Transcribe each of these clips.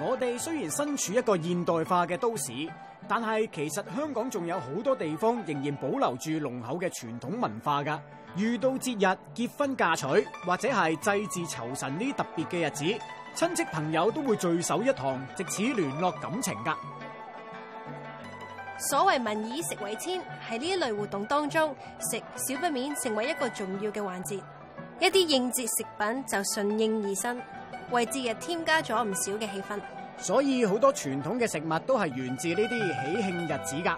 我哋雖然身處一個現代化嘅都市，但係其實香港仲有好多地方仍然保留住濃厚嘅傳統文化㗎。遇到節日、結婚嫁娶或者係祭祀酬神呢特別嘅日子，親戚朋友都會聚首一堂，借此聯絡感情㗎。所謂民以食為天，喺呢一類活動當中，食少不免成為一個重要嘅環節。一啲應節食品就順應而生。為節日添加咗唔少嘅氣氛，所以好多傳統嘅食物都係源自呢啲喜慶日子㗎。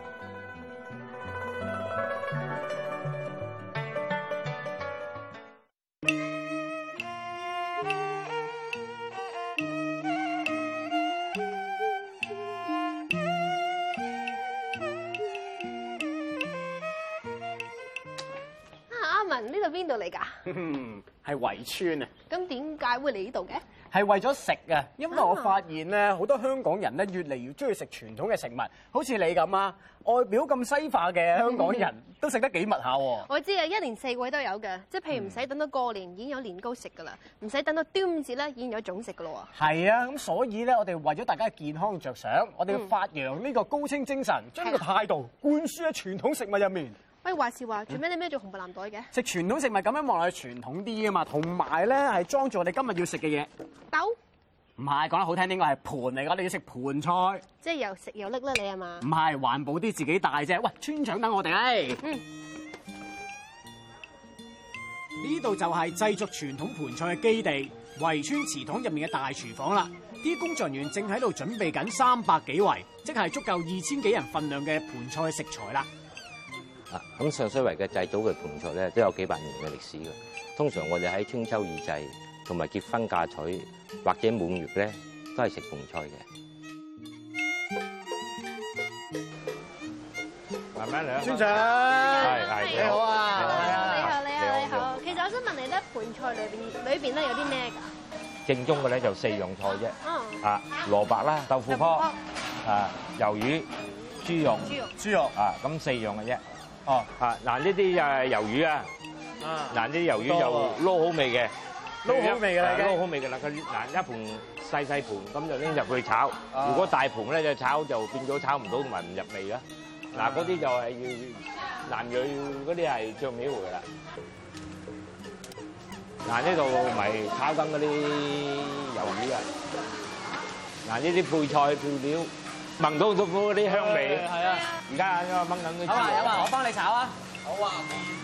啊，阿文呢度邊度嚟㗎？係圍村啊！咁點解會嚟呢度嘅？係為咗食㗎，因為我發現咧，好多香港人咧越嚟越中意食傳統嘅食物，好似你咁啊，外表咁西化嘅香港人都，都食得幾密下喎。我知啊，一年四季都有嘅，即係譬如唔使等到過年已經有年糕食噶啦，唔使等到端午節咧已經有粽食噶咯喎。係啊，咁所以咧，我哋為咗大家嘅健康着想，我哋要發揚呢個高清精神，將呢個態度灌輸喺傳統食物入面。喂，話時話，做咩你咩做紅白藍袋嘅？食傳統食物咁樣望落去傳統啲啊嘛，同埋咧係裝住我哋今日要食嘅嘢。兜豆？唔係，講得好聽，呢個係盤嚟㗎，你要食盤菜。即係又食又拎啦你係嘛？唔係環保啲自己帶啫。喂，村長等我哋。嗯。呢度就係製作傳統盤菜嘅基地，圍村祠堂入面嘅大廚房啦。啲、嗯、工作人員正喺度準備緊三百幾圍，即係足夠二千幾人份量嘅盤菜食材啦。咁上水圍嘅祭祖嘅盆菜咧，都有幾百年嘅歷史嘅。通常我哋喺春秋二祭同埋結婚嫁娶或者滿月咧，都係食盆菜嘅。慢慢嚟先生，係係你好啊，你好你好你好。你好！其實我想問你咧，盆菜裏邊裏邊咧有啲咩㗎？正宗嘅咧就四樣菜啫。啊，蘿蔔啦，豆腐卜，啊，魷魚，豬肉，豬肉，啊，咁四樣嘅啫。哦，啊，嗱呢啲啊魷魚啊，嗱呢啲魷魚就撈好味嘅，撈好味嘅啦，撈好味嘅啦，佢嗱一盤細細盤咁就拎入去炒，oh. 如果大盤咧就炒就變咗炒唔到同埋唔入味啦。嗱嗰啲就係要南洋嗰啲係醬尾回嘅啦。嗱呢度咪炒緊嗰啲魷魚啊，嗱呢啲配菜配料。聞到好多啲香味，係啊！而家我掹緊佢。好啊，有冇？我幫你炒啊！好啊，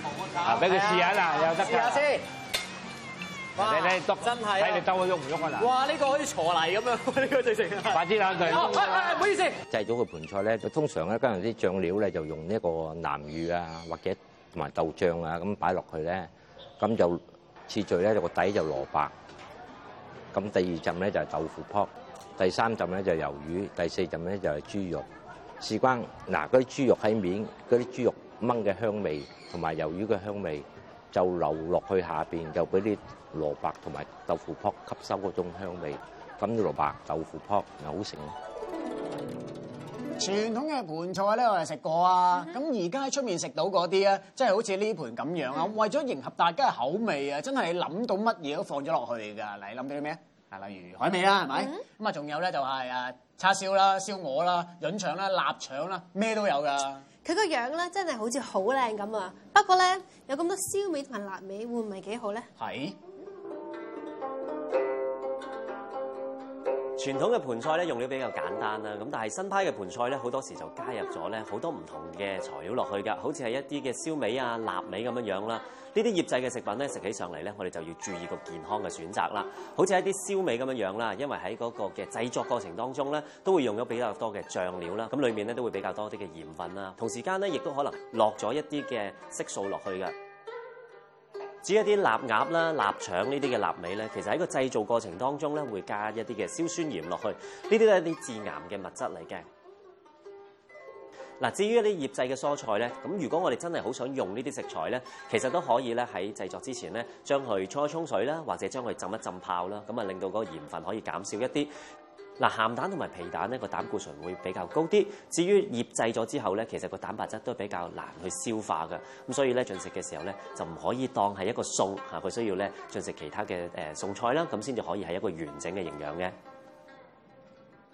我幫你炒啊！俾佢試下啦，有得㗋。試下先。你你剁。真係啊！睇你兜都喐唔喐啊！哇！呢個好似坐泥咁樣，呢個最正。快啲攞佢。喂喂，唔好意思。製做個盤菜咧，就通常咧，跟住啲醬料咧，就用呢個南乳啊，或者同埋豆醬啊，咁擺落去咧，咁就次序咧，個底就蘿蔔，咁第二浸咧就豆腐泡。第三浸咧就係魷魚，第四浸咧就係豬肉。事關嗱，嗰啲豬肉喺面，嗰啲豬肉燜嘅香味同埋魷魚嘅香味就流落去下邊，就俾啲蘿蔔同埋豆腐撲吸收嗰種香味。咁啲蘿蔔、豆腐撲又好食。傳統嘅盤菜咧，我係食過啊。咁而家喺出面食到嗰啲啊，即係好似呢盤咁樣啊。為咗迎合大家嘅口味啊，真係諗到乜嘢都放咗落去㗎。你諗到啲咩？啊，例如海味啦，係咪？咁啊、uh-huh，仲有咧就係啊，叉燒啦、燒鵝啦、潤腸啦、臘腸啦，咩都有㗎。佢個樣咧，真係好似好靚咁啊！不過咧，有咁多燒味同埋臘味，會唔會幾好咧？係。傳統嘅盆菜咧，用料比較簡單啦，咁但係新派嘅盆菜咧好多時就加入咗咧好多唔同嘅材料落去㗎，好似係一啲嘅燒味啊、臘味咁樣樣啦。呢啲醃製嘅食品咧食起上嚟咧，我哋就要注意個健康嘅選擇啦。好似一啲燒味咁樣樣啦，因為喺嗰個嘅製作過程當中咧，都會用咗比較多嘅醬料啦，咁裡面咧都會比較多啲嘅鹽分啦，同時間咧亦都可能落咗一啲嘅色素落去㗎。至於一啲臘鴨啦、臘腸呢啲嘅臘味咧，其實喺個製造過程當中咧，會加一啲嘅硝酸鹽落去，呢啲都係一啲致癌嘅物質嚟嘅。嗱，至於一啲醃製嘅蔬菜咧，咁如果我哋真係好想用呢啲食材咧，其實都可以咧喺製作之前咧，將佢沖一沖水啦，或者將佢浸一浸泡啦，咁啊令到嗰個鹽分可以減少一啲。嗱，鹹蛋同埋皮蛋咧，個膽固醇會比較高啲。至於醃製咗之後咧，其實個蛋白質都比較難去消化嘅。咁所以咧，進食嘅時候咧，就唔可以當係一個餸嚇，佢需要咧進食其他嘅誒餸菜啦，咁先至可以係一個完整嘅營養嘅。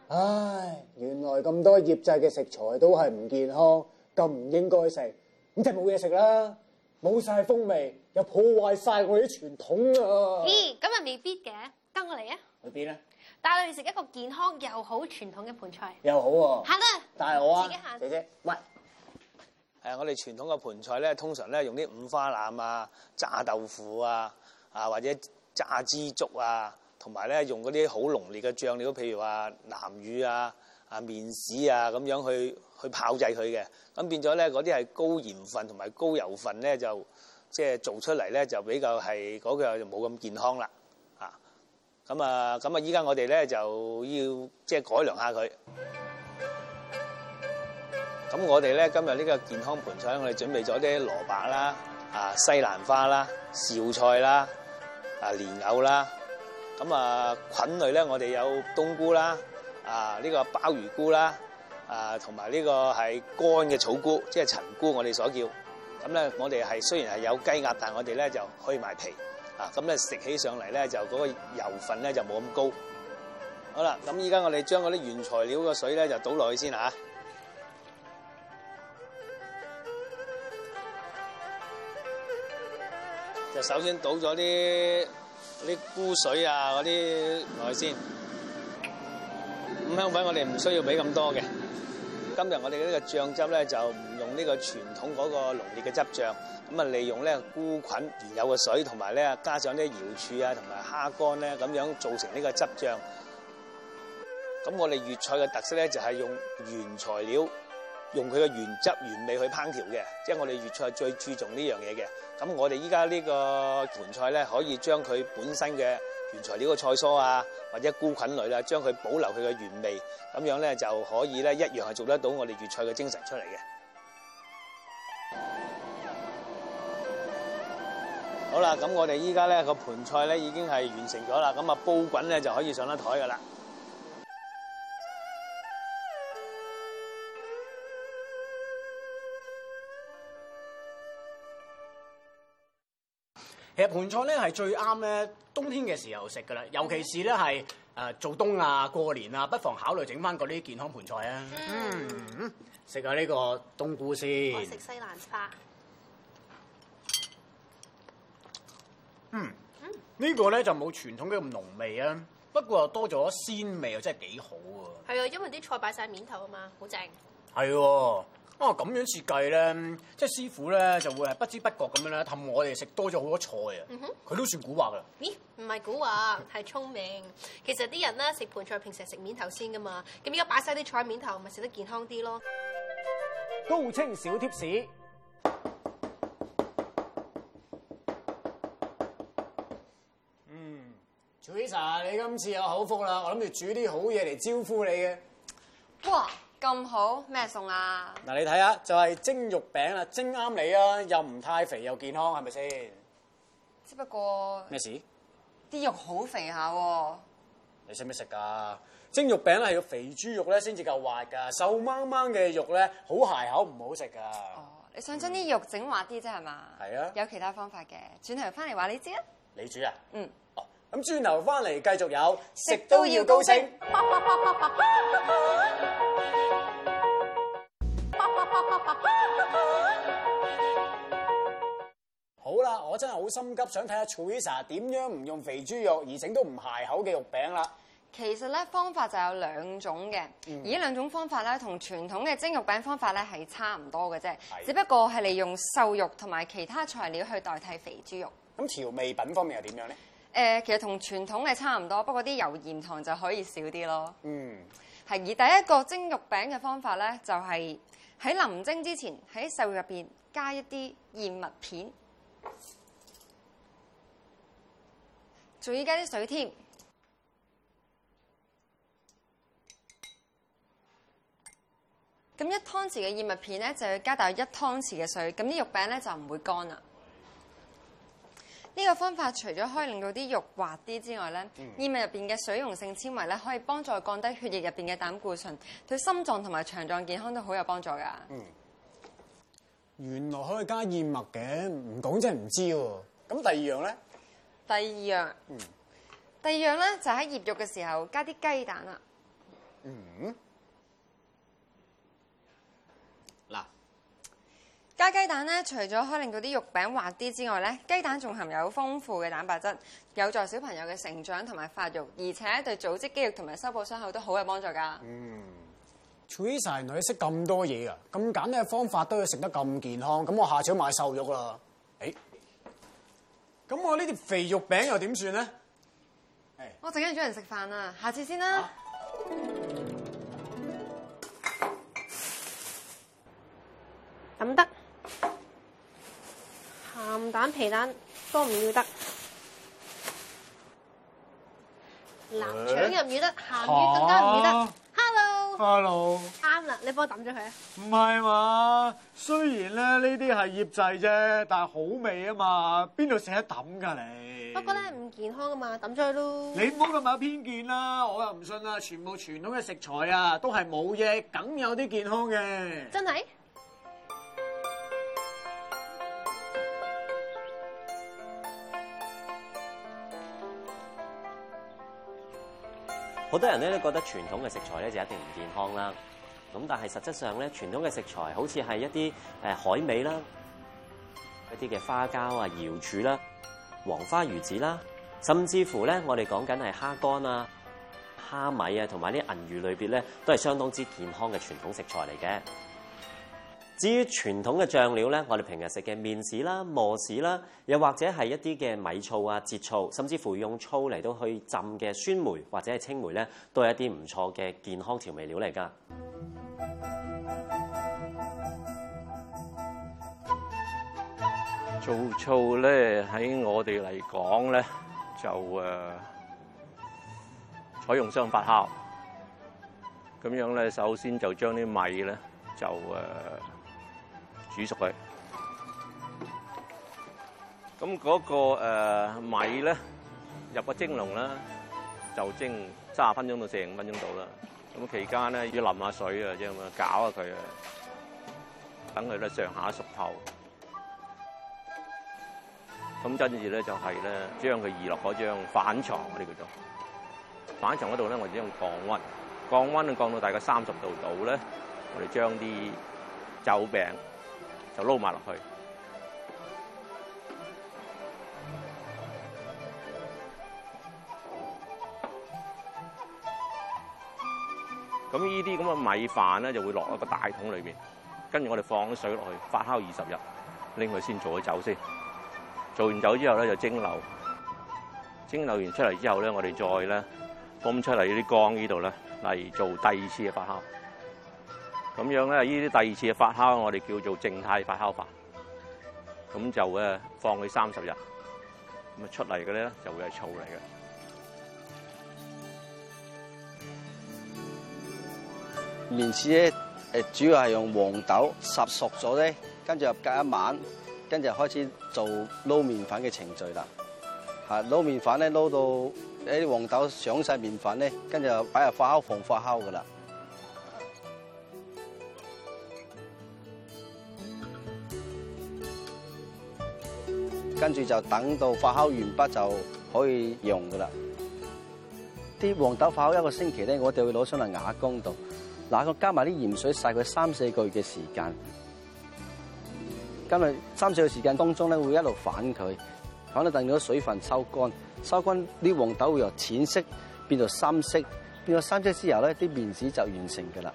唉，原來咁多醃製嘅食材都係唔健康，咁唔應該食。咁真係冇嘢食啦，冇晒風味，又破壞晒我啲傳統啊！咦，咁又未必嘅，跟我嚟啊！去邊啊？帶你嚟食一個健康又好傳統嘅盤菜，又好喎、啊。行啦、啊，帶我啊，自己啊姐姐。喂，係、呃、我哋傳統嘅盤菜咧，通常咧用啲五花腩啊、炸豆腐啊、啊或者炸枝竹啊，同埋咧用嗰啲好濃烈嘅醬料，譬如話南乳啊、麵啊麵豉啊咁樣去去炮製佢嘅，咁變咗咧嗰啲係高鹽分同埋高油分咧，就即係、就是、做出嚟咧就比較係嗰個就冇咁健康啦。咁啊，咁啊，依家我哋咧就要即係改良下佢。咁我哋咧今日呢個健康盆菜，我哋準備咗啲蘿蔔啦、啊西蘭花啦、紹菜啦、啊蓮藕啦。咁啊菌類咧，我哋有冬菇啦、啊呢個鮑魚菇啦、啊同埋呢個係乾嘅草菇，即係陳菇我哋所叫。咁咧，我哋係雖然係有雞鴨，但係我哋咧就去埋皮。啊，咁咧食起上嚟咧就嗰個油份咧就冇咁高。好啦，咁依家我哋將嗰啲原材料嘅水咧就倒落去先吓。就首先倒咗啲啲菇水啊，嗰啲落去先。五香粉我哋唔需要俾咁多嘅。今日我哋呢個醬汁咧就。呢個傳統嗰個濃烈嘅汁醬咁啊，利用咧菇菌原有嘅水，同埋咧加上啲瑤柱啊，同埋蝦乾咧，咁樣做成呢個汁醬。咁我哋粵菜嘅特色咧，就係用原材料，用佢嘅原汁原味去烹調嘅，即係我哋粵菜最注重呢樣嘢嘅。咁我哋依家呢個盤菜咧，可以將佢本身嘅原材料嘅菜蔬啊，或者菇菌類啦，將佢保留佢嘅原味，咁樣咧就可以咧一樣係做得到我哋粵菜嘅精神出嚟嘅。好啦，咁我哋依家咧個盆菜咧已經係完成咗啦，咁啊煲滾咧就可以上得台噶啦。其實盆菜咧係最啱咧冬天嘅時候食㗎喇，尤其是咧係誒做冬啊、過年啊，不妨考慮整返嗰啲健康盆菜啊。嗯，食、嗯、下呢個冬菇先。我食西蘭花。嗯。嗯。呢個咧就冇傳統嘅咁濃味啊，不過又多咗鮮味的挺的，又真係幾好喎。係啊，因為啲菜擺晒面頭啊嘛，好正。係喎。哦，咁、啊、樣設計咧，即係師傅咧就會係不知不覺咁樣咧氹我哋食多咗好多菜啊！佢都、嗯、哼算古惑噶。咦？唔係古惑，係聰明。 其實啲人咧食盤菜，平時食面頭先噶嘛。咁而家擺晒啲菜面頭，咪食得健康啲咯。高清小貼士。嗯 Trisha 你今次有口福啦！我諗住煮啲好嘢嚟招呼你嘅。哇！咁好咩餸啊？嗱，你睇下就係蒸肉餅啊。蒸啱你啊，又唔太肥又健康，係咪先？只不過咩事？啲肉好肥下。你識唔識食噶？蒸肉餅咧係要肥豬肉咧先至夠滑噶，瘦掹掹嘅肉咧好鞋口唔好食噶。哦，你想將啲肉整滑啲啫係嘛？係啊。嗯。有其他方法嘅，轉頭翻嚟，話你知啊。你煮啊？嗯。咁轉頭翻嚟，繼續有食都要高升。高 好啦，我真係好心急，想睇下崔 isa 點樣唔用肥豬肉而整都唔鞋口嘅肉餅啦。其實咧，方法就有兩種嘅，而呢兩種方法咧，同傳統嘅蒸肉餅方法咧係差唔多嘅啫，的只不過係利用瘦肉同埋其他材料去代替肥豬肉。咁調味品方面又點樣咧？誒，其實同傳統嘅差唔多，不過啲油鹽糖就可以少啲咯。嗯，係。而第一個蒸肉餅嘅方法咧，就係喺臨蒸之前喺瘦肉入邊加一啲燕麥片，仲要加啲水添。咁一湯匙嘅燕麥片咧，就要加大約一湯匙嘅水，咁啲肉餅咧就唔會乾啦。呢個方法除咗可以令到啲肉滑啲之外咧，燕麥入邊嘅水溶性纖維咧，可以幫助降低血液入邊嘅膽固醇，對心臟同埋腸臟健康都好有幫助㗎。嗯，原來可以加燕麥嘅，唔講真係唔知喎。咁、嗯、第二樣咧？第二樣，嗯，第二樣咧就喺、係、醃肉嘅時候加啲雞蛋啦。嗯。加雞蛋咧，除咗可以令到啲肉餅滑啲之外咧，雞蛋仲含有豐富嘅蛋白質，有助小朋友嘅成長同埋發育，而且對組織肌肉同埋修補傷口都好有幫助噶。嗯 t r 女識咁多嘢啊，咁簡單嘅方法都要食得咁健康，咁我下次買瘦肉啦。誒、欸，咁我呢啲肥肉餅又點算咧？欸、我陣間約人食飯啊，下次先啦。咁得、啊。鹹蛋皮蛋都唔要得，臘腸又唔要得，鹹魚更加唔要得。啊、Hello。Hello。啱啦，你幫我抌咗佢啊？唔係嘛，雖然咧呢啲係醃製啫，但係好味啊嘛，邊度捨得抌噶你？不過咧唔健康啊嘛，抌出去咯。你唔好咁有偏見啦，我又唔信啊，全部傳統嘅食材啊都係冇嘢，梗有啲健康嘅。真係？好多人咧都覺得傳統嘅食材咧就一定唔健康啦，咁但係實質上咧傳統嘅食材好似係一啲誒海味啦，一啲嘅花膠啊、瑤柱啦、黃花魚子啦，甚至乎咧我哋講緊係蝦乾啊、蝦米啊，同埋啲銀魚類別咧都係相當之健康嘅傳統食材嚟嘅。至於傳統嘅醬料咧，我哋平日食嘅麵豉啦、磨豉啦，又或者係一啲嘅米醋啊、浙醋，甚至乎用醋嚟到去浸嘅酸梅或者係青梅咧，都係一啲唔錯嘅健康調味料嚟㗎。做醋咧喺我哋嚟講咧就誒、呃、採用雙發酵，咁樣咧首先就將啲米咧就誒。呃煮熟佢，咁嗰、那個、呃、米咧，入個蒸籠啦，就蒸三十分鐘到四十五分鐘度啦。咁期間咧要淋下水啊，即係咁啊，搞下佢啊，等佢咧上下熟透。咁跟住咧就係、是、咧，將佢移落嗰張飯床，我哋叫做飯床嗰度咧，我哋用降溫，降溫降到大概三十度度咧，我哋將啲酒餅。就撈埋落去。咁呢啲咁嘅米飯咧，就會落喺個大桶裏邊，跟住我哋放啲水落去發酵二十日，拎佢先做咗酒先。做完酒之後咧，就蒸餾。蒸餾完出嚟之後咧，我哋再咧泵出嚟呢啲缸呢度咧，嚟做第二次嘅發酵。咁樣咧，呢啲第二次嘅發酵，我哋叫做靜態發酵法。咁就誒放佢三十日，咁啊出嚟嘅咧就會係醋嚟嘅。麵豉咧誒主要係用黃豆烚熟咗咧，跟住又隔一晚，跟住開始做撈麵粉嘅程序啦。嚇撈麵粉咧，撈到啲黃豆上晒麵粉咧，跟住擺入發酵房發酵㗎啦。跟住就等到發酵完畢就可以用噶啦。啲黃豆發酵一個星期咧，我哋會攞上嚟瓦工度，嗱，我加埋啲鹽水曬佢三四個月嘅時,時間。今日三四個時間當中咧，會一路反佢，反到等咗水分收乾，收乾啲黃豆會由淺色變到深色，變咗深色之後咧，啲麵豉就完成噶啦。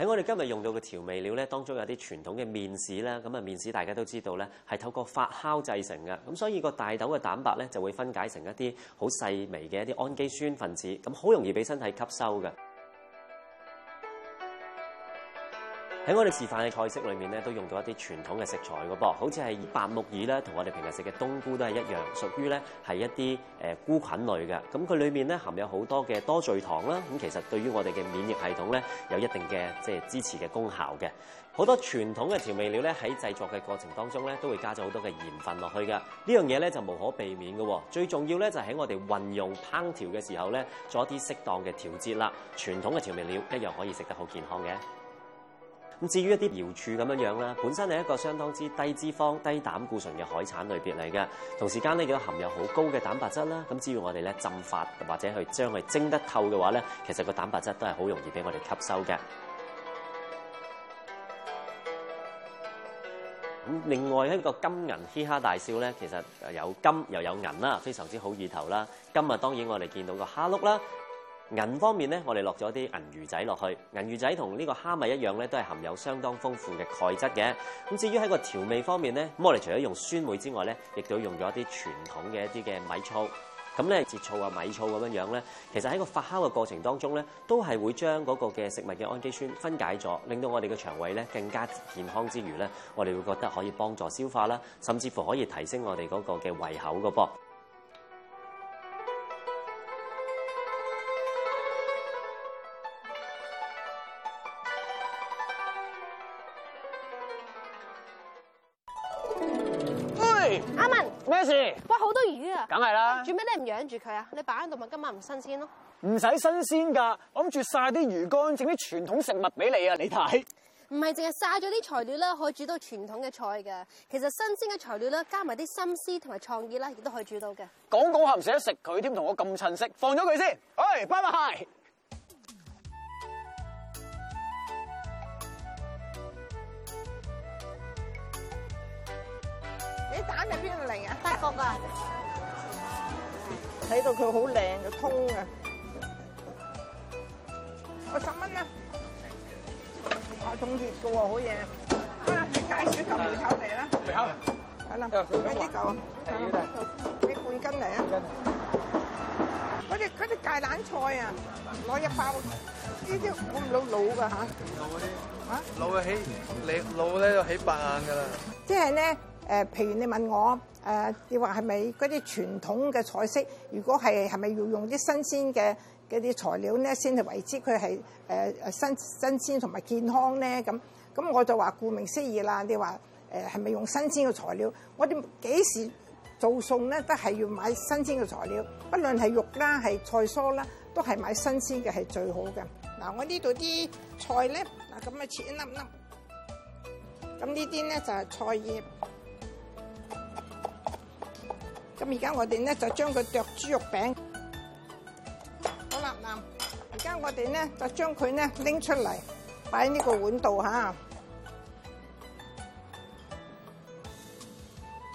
喺我哋今日用到嘅調味料咧，當中有啲傳統嘅麵豉啦，咁啊麵豉大家都知道咧，係透過發酵製成嘅，咁所以個大豆嘅蛋白咧就會分解成一啲好細微嘅一啲氨基酸分子，咁好容易俾身體吸收嘅。喺我哋示範嘅菜式裏面咧，都用到一啲傳統嘅食材嘅噃，好似係白木耳咧，同我哋平日食嘅冬菇都係一樣，屬於咧係一啲誒菇菌類嘅。咁佢裏面咧含有好多嘅多聚糖啦，咁其實對於我哋嘅免疫系統咧有一定嘅即係支持嘅功效嘅。好多傳統嘅調味料咧喺製作嘅過程當中咧都會加咗好多嘅鹽分落去嘅，呢樣嘢咧就無可避免嘅。最重要咧就係喺我哋運用烹調嘅時候咧做一啲適當嘅調節啦。傳統嘅調味料一樣可以食得好健康嘅。咁至於一啲瑤柱咁樣樣啦，本身係一個相當之低脂肪、低膽固醇嘅海產類別嚟嘅，同時間呢，亦都含有好高嘅蛋白質啦。咁只要我哋咧浸發或者去將佢蒸得透嘅話咧，其實個蛋白質都係好容易俾我哋吸收嘅。咁另外一個金銀嘻哈大笑咧，其實有金又有銀啦，非常之好意頭啦。今日當然我哋見到個蝦碌啦。銀方面咧，我哋落咗啲銀魚仔落去。銀魚仔同呢個蝦米一樣咧，都係含有相當豐富嘅鈣質嘅。咁至於喺個調味方面咧，我哋除咗用酸梅之外咧，亦都用咗一啲傳統嘅一啲嘅米醋。咁咧，浙醋啊、米醋咁樣樣咧，其實喺個發酵嘅過程當中咧，都係會將嗰個嘅食物嘅氨基酸分解咗，令到我哋嘅腸胃咧更加健康之餘咧，我哋會覺得可以幫助消化啦，甚至乎可以提升我哋嗰個嘅胃口嘅噃。阿文，咩事？哇，好多魚啊然！梗係啦，做咩你唔養住佢啊？你擺喺度咪今晚唔新鮮咯？唔使新鮮噶，我諗住晒啲魚乾整啲傳統食物俾你啊！你睇，唔係淨係晒咗啲材料咧，可以煮到傳統嘅菜㗎。其實新鮮嘅材料咧，加埋啲心思同埋創意咧，亦都可以煮到嘅。講講下唔捨得食佢添，同我咁襯色，放咗佢先。喂，拜拜。法國啊，睇到佢好靚嘅，通嘅，我十蚊啦，我仲熱嘅喎，好嘢。啊，你介紹嚿麵包嚟啦，麵包，係啦，幾多嚿啊？畀半斤嚟啊？嗰啲嗰啲芥蘭菜啊，攞一包，呢啲好老老嘅嚇，啊，老嘅起，你老咧就起白眼嘅啦，即係咧。誒，譬如你問我，誒，你話係咪嗰啲傳統嘅菜式？如果係係咪要用啲新鮮嘅啲材料咧，先係為之佢係誒誒新新鮮同埋健康咧？咁咁我就話顧名思義啦。你話誒係咪用新鮮嘅材料？我哋幾時做餸咧都係要買新鮮嘅材料，不論係肉啦、係菜蔬啦，都係買新鮮嘅係最好嘅。嗱、啊，我呢度啲菜咧，嗱咁啊切一粒粒，咁呢啲咧就係菜葉。咁而家我哋咧就將佢剁豬肉餅，好啦。嗱，而家我哋咧就將佢咧拎出嚟，擺喺呢個碗度嚇。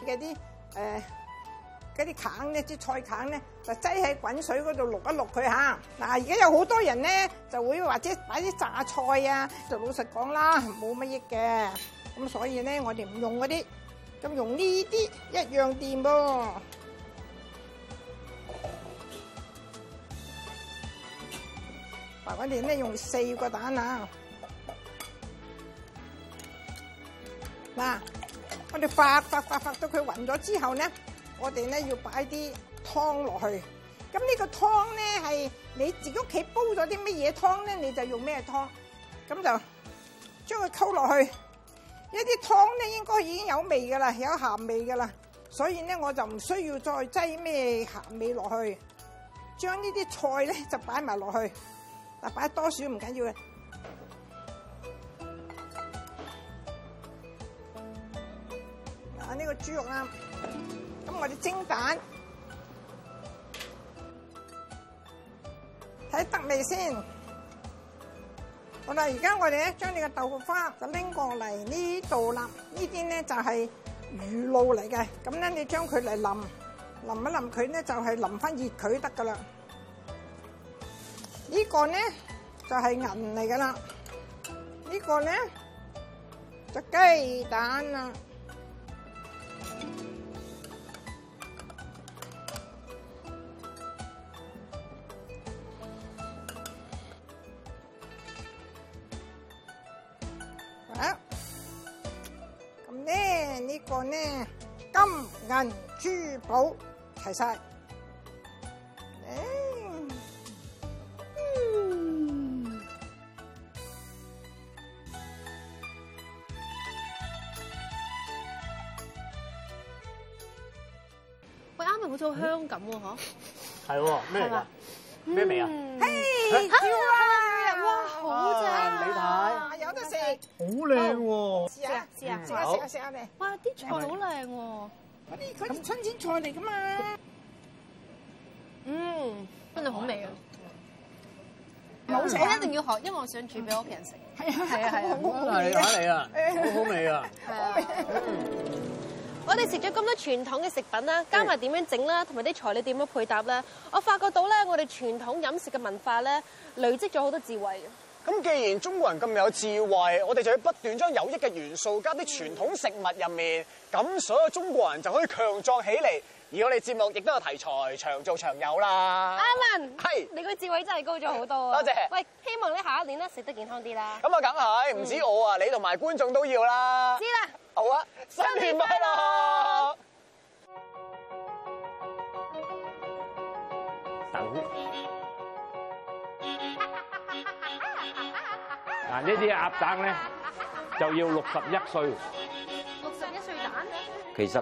嗰啲誒，嗰啲梗咧啲菜梗咧，就擠喺滾水嗰度淥一淥佢嚇。嗱，而家有好多人咧就會或者擺啲榨菜啊，就老實講啦，冇乜益嘅。咁所以咧，我哋唔用嗰啲。.咁用呢啲一樣掂噃，嗱，我哋呢用四個蛋啊。嗱，我哋發發發發到佢勻咗之後呢，我哋呢要擺啲湯落去，咁呢個湯呢係你自己屋企煲咗啲乜嘢湯呢，你就用咩湯，咁就將佢溝落去。呢啲湯咧應該已經有味㗎喇，有鹹味㗎喇，所以咧我就唔需要再擠咩鹹味落去，將呢啲菜咧就擺埋落去，啊擺多少唔緊要嘅，啊呢個豬肉啦，咁我哋蒸蛋，睇得未先？好啦，而家我哋咧將你嘅豆腐花就拎過嚟呢度啦，呢啲咧就係魚露嚟嘅，咁咧你將佢嚟淋，淋一淋佢咧就係淋翻熱佢得噶啦。呢個咧就係銀嚟噶啦，呢個咧就雞蛋啊。個呢金銀珠寶齊晒，喂，啱啱好做香咁喎，嚇！係咩？食啊食啊食啊食啊嚟！哇，啲菜好靚喎！嗰啲嗰春天菜嚟噶嘛？嗯，真係好味啊！冇錯，我一定要學，因為我想煮俾屋企人食。係啊係啊係啊！好啊嚟啊！好味啊！我哋食咗咁多傳統嘅食品啦，加埋點樣整啦，同埋啲材料點樣配搭咧？我發覺到咧，我哋傳統飲食嘅文化咧，累積咗好多智慧。咁既然中國人咁有智慧，我哋就要不斷將有益嘅元素加啲傳統食物入面，咁所有中國人就可以強壯起嚟。而我哋節目亦都有題材，長做長有啦。阿文，係你個智慧真係高咗好多。多謝。喂，希望你下一年咧食得健康啲啦。咁啊，梗係唔止我啊，嗯、你同埋觀眾都要啦。知啦。好啊，新年快樂！嗱，呢啲鴨蛋咧就要六十一歲。六十一歲蛋咧？其實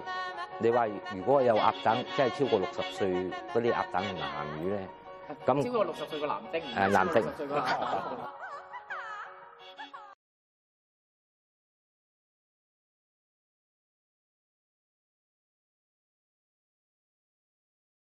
你話，如果有鴨蛋，即係超過六十歲嗰啲鴨蛋係鹹魚咧，咁超過六十歲嘅男丁。誒、呃，男丁。